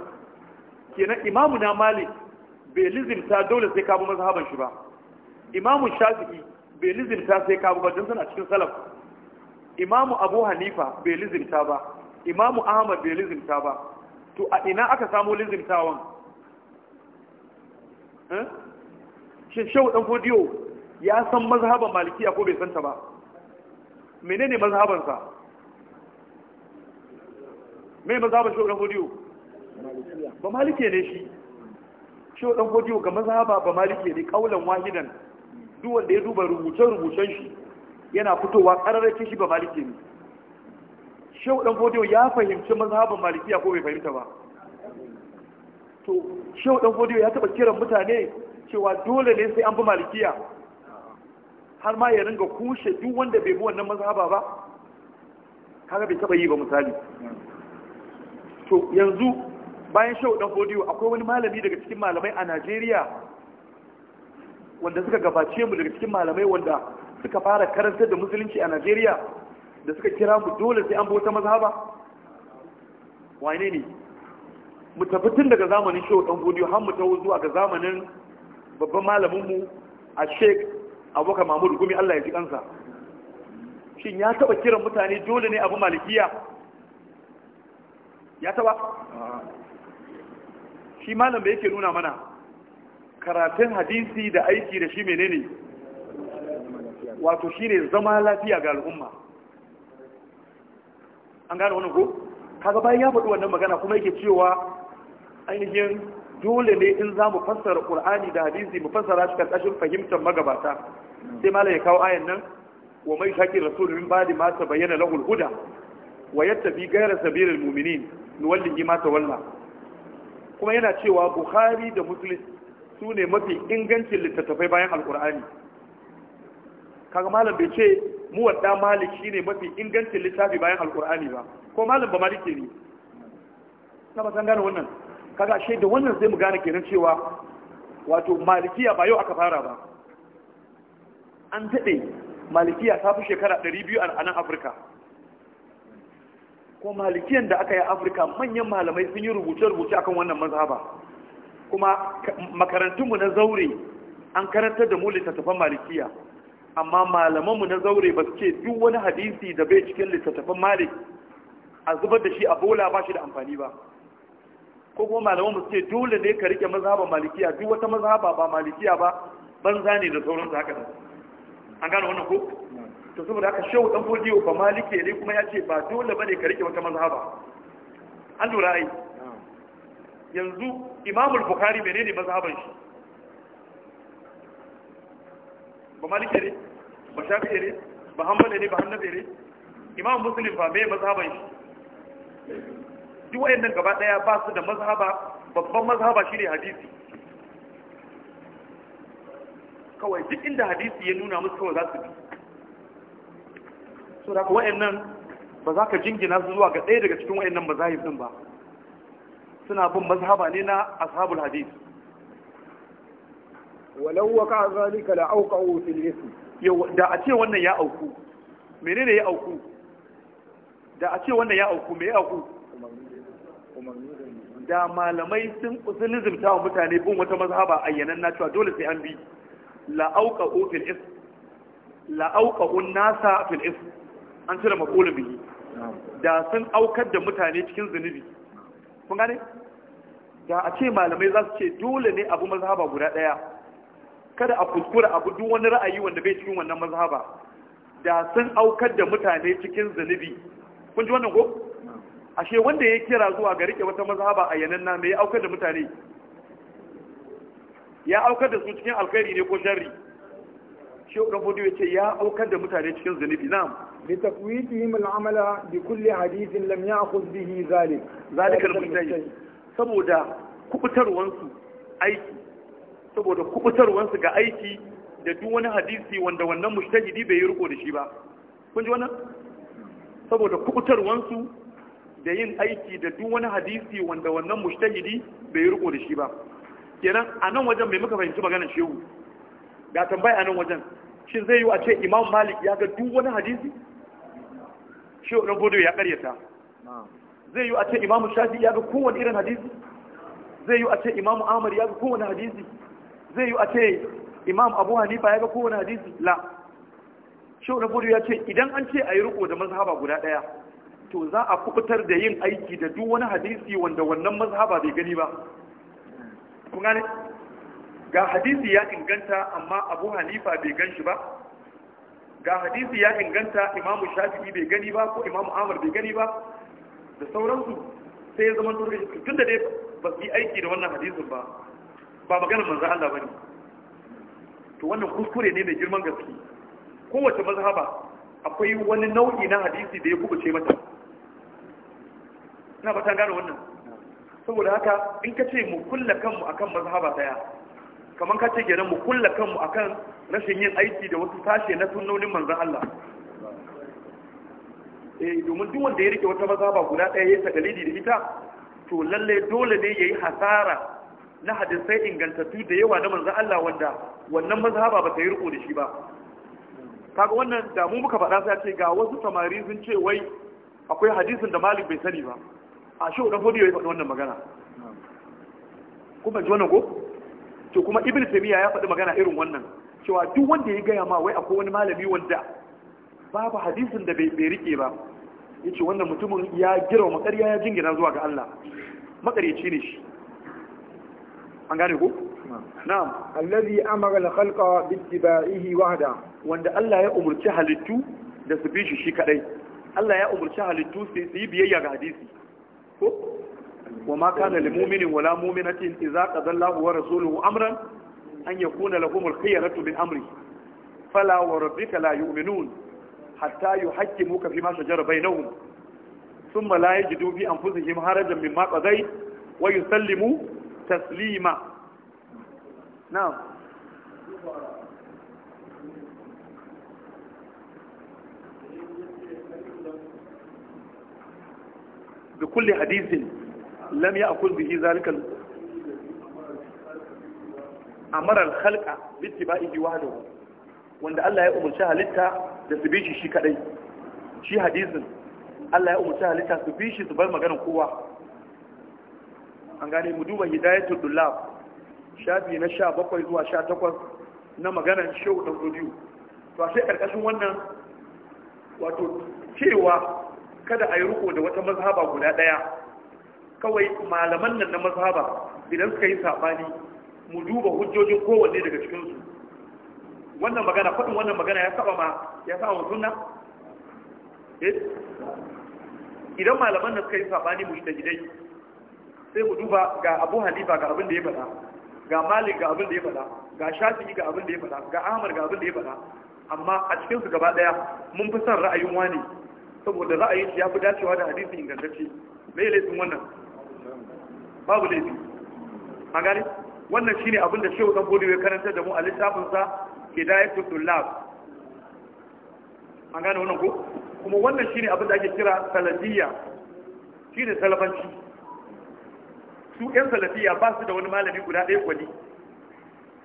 A: kenan imamu na malik bai lizimta dole sai ka bi mazhaban shi ba imamu shafi'i bai lizimta sai ka ba don suna cikin salaf imamu abu hanifa bai lizimta ba imamu ahmad bai lizimta ba to a ina aka samu lizimtawan eh? shin shehu dan fodiyo ya san mazhaban malikiya ko bai santa ba menene mazhabansa mai mazhaban shehu dan fodiyo ba malike ne shi shehu dan fodiyo ga mazhaba ba malike ne kaulan wahidan duk wanda ya duba rubuce-rubucen shi yana fitowa ƙararrakin shi ba maliki ne shehu dan fodiyo ya fahimci mazhaban malikiya ko bai fahimta ba to shehu dan godiyo ya taba kiran mutane cewa dole ne sai an bi malikiya har ma ya ringa kushe duk wanda bai bi wannan mazhaba ba kaga bai taɓa yi ba misali to yanzu bayan shehu dan godiyo akwai wani malami daga cikin malamai a Najeriya wanda suka gabace mu daga cikin malamai wanda suka fara karantar da musulunci a Najeriya da suka kira mu dole sai an bauta mazhaba wane ne mu tafi tun daga zamanin shehu dan godiyo har mu tawo zuwa ga zamanin babban malamin mu a Sheikh Abubakar Mahmud Gumi Allah ya ji kansa shin ya taba kiran mutane dole ne abu malikiya ya taba shi malam bai yake nuna mana karatun hadisi da aiki da shi menene wato shine zama lafiya ga al'umma an gane wani ku? kaga bayan ya faɗi wannan magana kuma yake cewa ainihin dole ne in za mu fassara ƙul'ani da hadisi mu fassara shi ƙarƙashin fahimtar magabata sai malam ya kawo ayan nan wa mai shaƙi rasul min da ma bayyana lahul huda wa gayar ghayra sabilil mu'minin yi mata wallah kuma yana cewa Buhari da muslim su ne mafi ingancin littattafai bayan alkur'ani kaga malam bai ce mu wadda malik shine mafi ingancin littafi bayan alkur'ani ba ko malam ba malik ne na ba san gane wannan kaga shi da wannan sai mu gane kenan cewa wato malikiya ba yau aka fara ba an daɗe malikiya ta fi shekara 200 a nan afirka ko malikiyan da aka yi afirka manyan malamai sun yi rubuce-rubuce akan wannan mazhaba kuma makarantunmu na zaure an karanta da mu littattafan malikiya amma malamanmu na zaure ba su ce duk wani hadisi da bai cikin littattafan malik a zubar da shi a bola ba shi da amfani ba ko kuma malamanmu su ce dole ne ka rike mazhaban malikiya duk wata mazhaba ba malikiya ba banza ne da sauran su haka an gane wannan ko to saboda haka shehu dan godiyo ba malike ne kuma ya ce ba dole bane ka rike wata mazhaba an lura ai yanzu imamul bukari ne mazhaban shi ba malike ne ba shafi'e ne ba hanbali ne ba hannabe ne imam muslim ba mai mazhaban shi duk wayannan gaba daya ba su da mazhaba babban mazhaba shine hadisi kawai duk inda hadisi ya nuna musu kawai za su bi so da wayannan ba za ka jingina su zuwa ga ɗaya daga cikin wayannan mazahib din ba suna bin mazhaba ne na ashabul hadith
B: walau ka zalika la auqa'u fil ism
A: da a ce wannan ya auku menene ya auku da a ce wannan ya auku me ya auku da malamai sun sun lizimta wa mutane bin wata mazhaba ayyanan na cewa dole sai an bi la auqa'u fil ism la auqa'u nasa fil ism an cire maqulun bihi da sun aukar da mutane cikin zunubi kun gane da a ce malamai za su ce dole ne abu mazhaba guda ɗaya kada a kuskura abu duk wani ra'ayi wanda bai cikin wannan mazhaba da sun aukar da mutane cikin zunubi kun ji wannan ko ashe wanda ya kira zuwa ga rike wata mazhaba a yanan na me ya aukar da mutane ya aukar da su cikin alkhairi ne ko sharri shi ya ce ya aukar da mutane cikin zunubi
B: na'am لتقويتهم العمل بكل حديث لم يأخذ به ذلك ذلك المجتهد saboda
A: كبتر aiki saboda سبودا ga aiki da duk wani hadisi wanda wannan mujtahidi bai yi riko da shi ba kun ji wannan saboda da yin aiki da duk wani hadisi wanda wannan mujtahidi bai yi riko da shi ba kenan a nan wajen mai muka fahimci maganar shehu ga tambaya a nan wajen shin zai yi a ce imam malik ya ga duk wani hadisi shi wa ɗanfodo ya karyata. zai yi a ce imamu shafi ya ga kowane irin hadisi zai yi a ce imamu amur ya ga kowane hadisi zai yi a ce imam abu hanifa ya ga kowane hadisi la shi wa ɗanfodo ya ce idan an ce a yi riko da mazhaba guda ɗaya to za a kubutar da yin aiki da duk wani hadisi wanda wannan mazhaba bai gani ba kun gane ga hadisi ya inganta amma abu hanifa bai gan shi ba ga hadisi ya inganta imamu shafi'i bai gani ba ko imamu amur bai gani ba da sauransu sai ya zama turbi tun da dai ba su yi aiki da wannan hadisin ba ba maganar manzan Allah ba ne to wannan kuskure ne mai girman gaske kowace mazhaba akwai wani nau'i na hadisi da ya kubuce mata ina ba ta gane wannan saboda haka in ka ce mu kulla kanmu akan mazhaba daya kamar ka ce kenan mu kulla kanmu akan rashin yin aiki da wasu sashe na sunnonin manzon Allah eh domin duk wanda ya rike wata mazhaba guda ɗaya ya takalidi da ita to lalle dole ne yayi hasara na hadisai ingantattu da yawa na manzon Allah wanda wannan mazhaba ba ta yi riko da shi ba kaga wannan da mu muka faɗa sai ce ga wasu samari sun ce wai akwai hadisin da Malik bai sani ba a shi dan fodiyo ya faɗi wannan magana kuma ji wannan ko to kuma ibn tamiya ya faɗi magana irin wannan cewa duk wanda ya gaya ma wai akwai wani malami wanda babu hadisin da bai rike ba yace wannan mutumin ya girma makarya ya jingina zuwa ga
B: Allah makaryaci ne shi an gane ko na'am allazi amara al-khalqa bi ittiba'ihi wahda wanda Allah ya umurci halittu
A: da su bi shi shi kadai Allah ya umurci halittu su yi biyayya ga hadisi ko wa ma kana lil mu'minin wala mu'minatin idza qadallahu wa rasuluhu amran an yakuna lahumul khiyaratu min amri fala wa rabbika la yu'minun hatta yuhaqqimuka fima shajara bainahum thumma la yajidu fi anfusihim harajan mimma qadayt wa yusallimu taslima na'am بكل حديث lam ya akul bihi zalikal amaral khalqa bittiba'ihi wahdahu wanda Allah ya umarci halitta da su bishi shi shi kadai shi hadisin Allah ya umarci halitta su bishi su bar maganar kowa an gane mu duba hidayatul dullab shafi na 17 zuwa 18 na maganar shehu dan godiyo to a sai karkashin wannan wato cewa kada a yi riko da wata mazhaba guda daya kawai malaman nan na mazhaba idan suka yi sabani mu duba hujjojin kowanne daga cikin su wannan magana faɗin wannan magana ya saba ma ya saba wa sunna eh? idan malaman nan suka yi sabani mu shiga gidai sai mu duba ga Abu Hanifa ga abin da ya faɗa ga Malik ga abin da ya faɗa ga Shafi'i ga abin da ya faɗa ga Ahmad ga abin da ya faɗa amma a cikin su gaba daya mun fi son ra'ayin wani saboda ra'ayin shi ya fi dacewa da hadisi ingantacce mai laifin wannan babu laifi a gani wannan shine abin da shehu dan bodi ya karanta da mu a littafin sa hidayatul tulab an gane wannan ko kuma wannan shine abin da ake kira salafiyya shine salafanci su ƴan salafiyya ba su da wani malami guda ɗaya gwani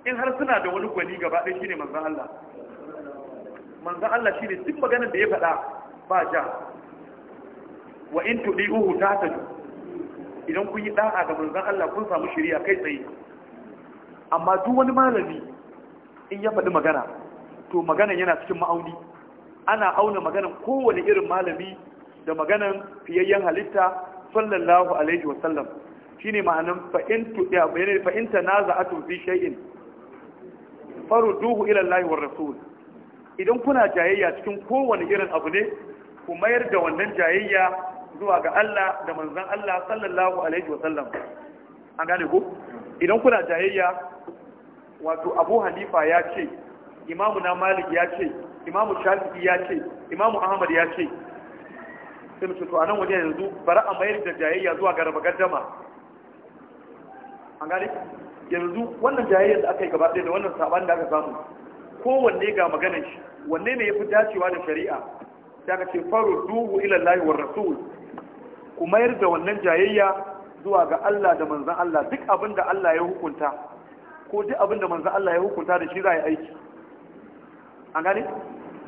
A: in har suna da wani gwani gaba ɗaya shine manzon Allah manzon Allah shine duk maganar da ya faɗa ba ja wa in tudihu tahtaju idan kun yi ɗa'a ga manzon Allah kun samu shari'a kai tsaye amma duk wani malami in ya faɗi magana to magana yana cikin ma'auni ana auna maganan kowane irin malami da maganan fiyayyen halitta sallallahu alaihi wasallam shine ma'anan fa in tudiya bayane fa in tanaza'atu fi shay'in farudduhu ila war rasul idan kuna jayayya cikin kowane irin abu ne ku mayar da wannan jayayya zuwa ga Allah da manzan Allah sallallahu alaihi wa sallam an gane ku idan kuna jayayya wato Abu Hanifa ya ce Imamu na Malik ya ce Imamu shafi ya ce Imamu Ahmad ya ce sai mace to a nan waje yanzu bari a mayar da jayayya zuwa ga raba gaddama an gane yanzu wannan jayayyar da aka yi gaba ɗaya da wannan saɓan da aka samu kowanne ga maganar shi wanne ne ya fi dacewa da shari'a Da aka ce faru duhu ilallahi wa rasul ku mayar da wannan jayayya zuwa ga Allah da manzan Allah duk abin da Allah ya hukunta ko duk abin da manzan Allah ya hukunta da shi za a yi aiki an gane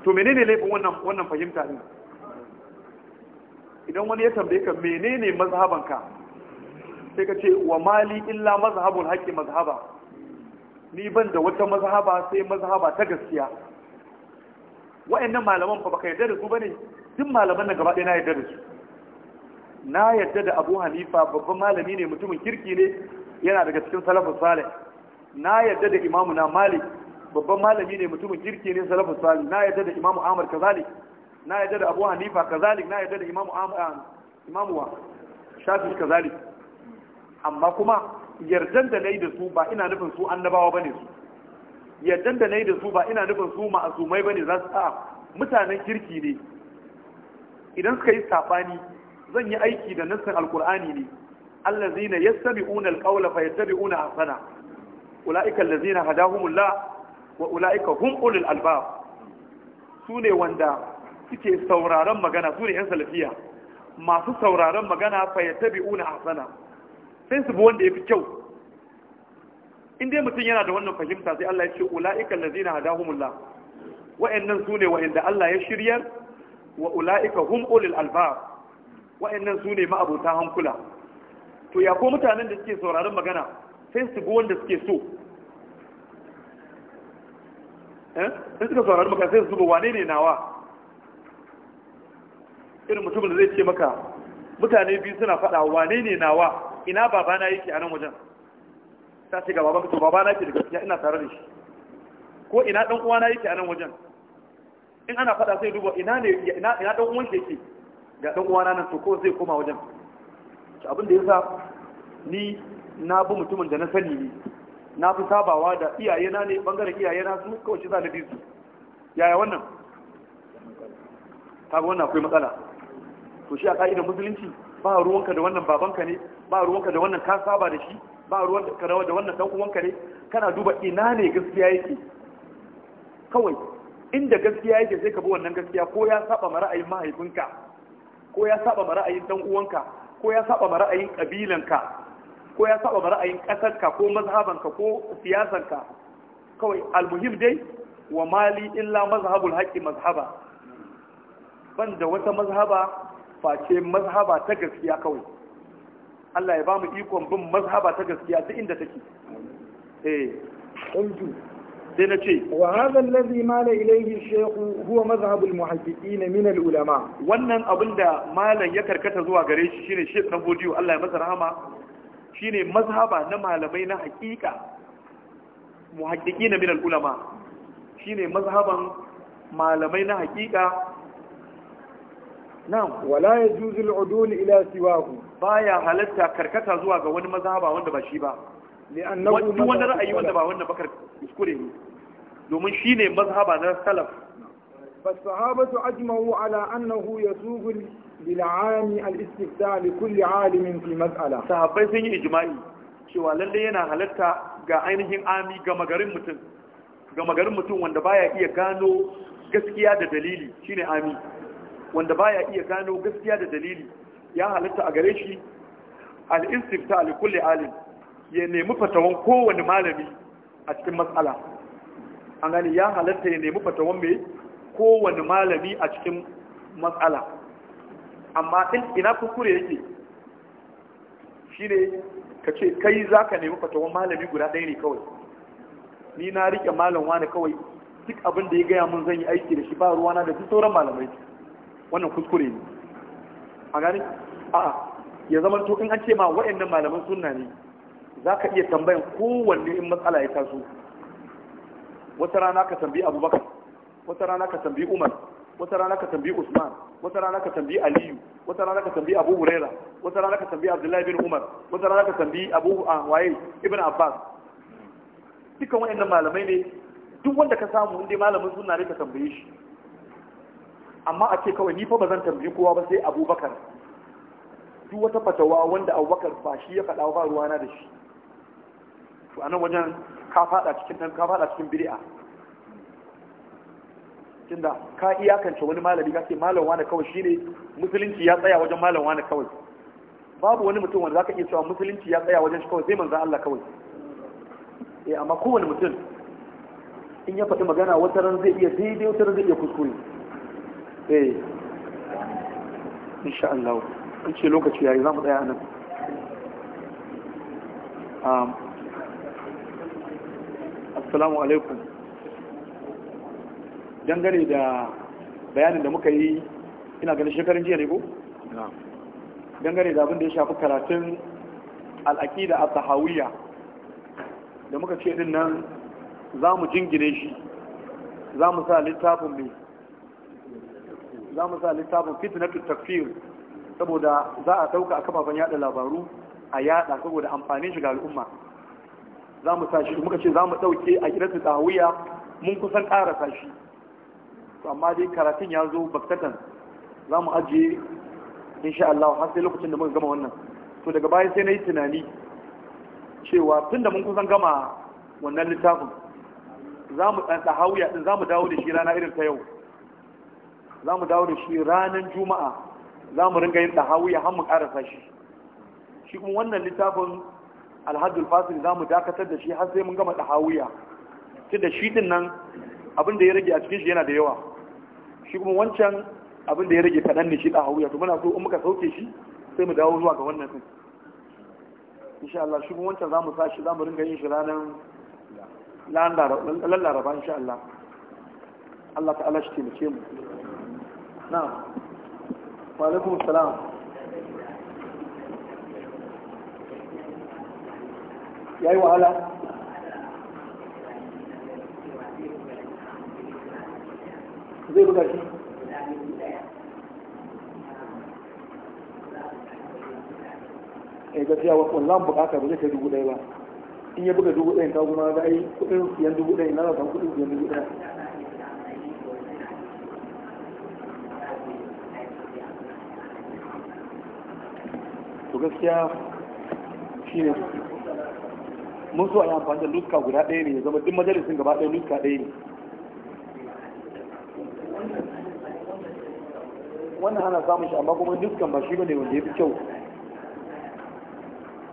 A: to menene laifin wannan wannan fahimta ne idan wani ya tambaye ka menene mazhabanka sai ka ce wa mali illa mazhabul haqqi mazhaba ni ban da wata mazhaba sai mazhaba ta gaskiya wa'annan malaman fa baka yarda da su bane duk malaman nan gaba ɗaya na yarda da su na yadda da abu hanifa babban malami ne mutumin kirki ne yana daga cikin salafin salih na yadda da imamu na malik babban malami ne mutumin kirki ne salafin salih na yadda da imamu amur kazalik na yadda da abu hanifa kazalik na yadda da imamu ah, imamu wa shafi kazalik amma kuma yardan da na yi da su ba ina nufin su annabawa ba ne su yardan da na yi da su ba ina nufin su ma'azumai ba ne za su a ah, mutanen kirki ne idan suka yi saɓani zan yi aiki da nassan alkur'ani ne Allah ya sami allazina yastabi'una alqawla fayattabi'una ahsana zina Hada Humula wa ulaika hum ulul su ne wanda suke sauraron magana su ne yan salafiya masu sauraron magana fayattabi'una ahsana sai su bi wanda ya fi kyau in dai mutum yana da wannan fahimta sai Allah ya ce ulaika allazina hadahumullah wa'annan sune wa'anda Allah ya shiryar wa ulaika hun ulul albab wa'annan su ne ma'abota hankula to ya ko mutanen da suke sauraron magana sai su bi wanda suke so eh? in suka sauraron magana sai su zuba wane ne nawa irin mutumin da zai ce maka mutane biyu suna faɗa wane ne nawa ina babana yake a nan wajen ta ce ga babanka to babana ke da gaskiya ina tare da shi ko ina ɗan uwana yake a nan wajen in ana faɗa sai duba ina ne ina ɗan uwan yake ga ɗan uwana nan to ko zai koma wajen abin da yasa ni na bi mutumin da na sani ne na fi sabawa da iyayena ne bangaren iyayena su kawai shi za na su yaya wannan ta wannan akwai matsala to shi a ka'idar musulunci ba ruwanka da wannan babanka ne ba ruwanka da wannan ka saba da shi ba ruwanka da wannan dan uwanka ne kana duba ina ne gaskiya yake kawai inda gaskiya yake sai ka bi wannan gaskiya ko ya saba ma ra'ayin mahaifinka ko ya saba ma ra'ayin dan uwanka ko ya saba ma ra'ayin kabilanka ko ya saba ma ra'ayin kasarka ko mazhabanka ko siyasanka, kawai almuhim dai wa mali illa mazhabul haqqi mazhaba Ban da wata mazhaba face mazhaba ta gaskiya kawai Allah ya ba mu ikon bin mazhaba ta gaskiya duk inda take eh sai na ce wa
B: hadha alladhi mala ilayhi ash-shaykh huwa madhhab al-muhaddiqin min al-ulama
A: wannan abinda malam ya karkata zuwa gare shi shine Sheikh Dan Bodiyo Allah ya masa rahama shine mazhaba na malamai na hakika muhaddiqin min al-ulama shine mazhaban malamai na hakika
B: nan wala yajuzu al-udul ila siwahu baya halatta
A: karkata zuwa ga wani mazhaba wanda ba shi ba wani ra'ayi wanda ba وأنا bakar بكر ne. domin shi ne mazhaba na salaf
B: فالصحابة أجمعوا على أنه يسوغ للعام الاستفتاء لكل عالم في مسألة صحابة
A: سنة إجماعي شوى للي shi wa غا ainihin ami ga ainihin mutum gama garin mutum wanda baya iya gano gaskiya da dalili shine ami wanda baya iya gano gaskiya da dalili ya halatta a gare shi al-istifta li kulli alim ya nemi fatawan kowane malami a cikin matsala an gani ya halatta ya nemi fatawan mai kowane malami a cikin matsala amma ina kuskure yake shi ne ka ce kai za ka nemi fatawan malami guda ɗaya ne kawai ni na riƙe malam wani kawai duk abin da ya gaya mun zan yi aiki da shi ba ruwana da duk sauran malamai wannan kuskure ne a gani a ya zama to in an ce ma waɗannan malaman sunna ne za ka iya tambayan kowanne in matsala ya taso wata rana ka tambi abubakar wata rana ka tambi umar wata rana ka tambi usman wata rana ka tambi aliyu wata rana ka tambi abu huraira wata rana ka tambi abdullahi bin umar wata rana ka tambi abu ah, waye ibn abbas dukkan wayannan malamai ne duk wanda ka samu inda malamin suna ne ka tambaye shi amma a ce kawai ni fa ba zan tambayi kowa ba sai abubakar duk wata fatawa wanda abubakar ba shi ya faɗa ba ruwana da shi to wajen ka fada cikin dan ka fada cikin bid'a tunda ka iyakance wani malami ka ce malam wani kawai shine musulunci ya tsaya wajen malam wani kawai babu wani mutum wanda zaka iya cewa musulunci ya tsaya wajen shi kawai sai manzo Allah kawai eh amma kowane mutum in ya faɗi magana wata ran zai iya daidai wata ran zai iya kuskure eh insha Allah an ce lokaci yayi za mu tsaya nan um, salamu alaikum dangane da bayanin da muka yi ina ganin shekarun jiya ne ko? dangane da abin da ya shafi karatun al'aƙida a tahawiyya da muka ce din nan za mu jingine shi za mu sa littafin mai za mu sa littafin fitnatul tafiyar saboda za a ɗauka a kafafen yada labaru a yada saboda amfanin shiga al'umma za mu tashi muka ce za mu ɗauke a gidan tawiya mun kusan ƙara tashi amma dai karatun ya zo baktatan za mu ajiye insha Allah har sai lokacin da muka gama wannan to daga baya sai na yi tunani cewa tun da mun kusan gama wannan littafin za mu ɗan tawiya ɗin za mu dawo da shi rana irin ta yau za mu dawo da shi ranar juma'a za mu ringa yin tawiya har mu ƙara tashi shi kuma wannan littafin alhajjul fasil za mu dakatar da shi har sai mun gama ɗahawiya tun da shi din nan abin da ya rage a cikin shi yana da yawa shi kuma wancan abin da ya rage kaɗan ne shi ɗahawiya to muna so in muka sauke shi sai mu dawo zuwa ga wannan din insha Allah shi kuma wancan za mu sa shi za mu ringa yin shi ranar lallaraba insha Allah Allah ta'ala shi ke mu na'am wa alaikum salam
B: ya yi wahala zai buga shi
A: eh gaskiya wallahi bukata ba zai kai dubu ɗaya ba in ya buga dubu ɗaya ta kuma za a yi kudin siyan dubu ɗaya na zafan kudin siyan dubu ɗaya to gaskiya shi ne mun so a yi amfani da nuska guda ɗaya ne ya zama duk majalisun gaba ɗaya nuska ɗaya ne wannan ana samun shi amma kuma nuskan ba shi bane wanda ya fi kyau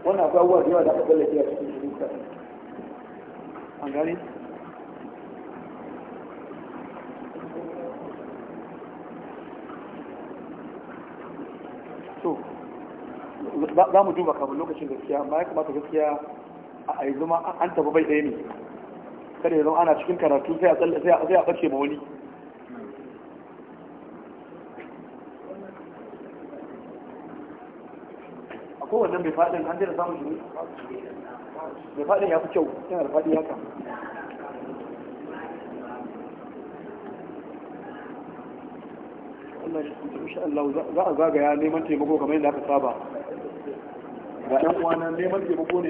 B: wannan akwai abubuwa da yawa da aka tsallake a cikin luka nuska an gane
A: za mu duba kamar lokacin gaskiya amma ya kamata gaskiya a yanzu ma an tafi bai ɗaya ne kada yanzu ana cikin karatu sai a tsalle sai a ɓace ma wani a kowanne mai faɗin an jira samun shi mai faɗin ya fi kyau yana da faɗi haka Allah za a zagaya neman taimako kamar yadda aka saba ga ɗan uwana neman taimako ne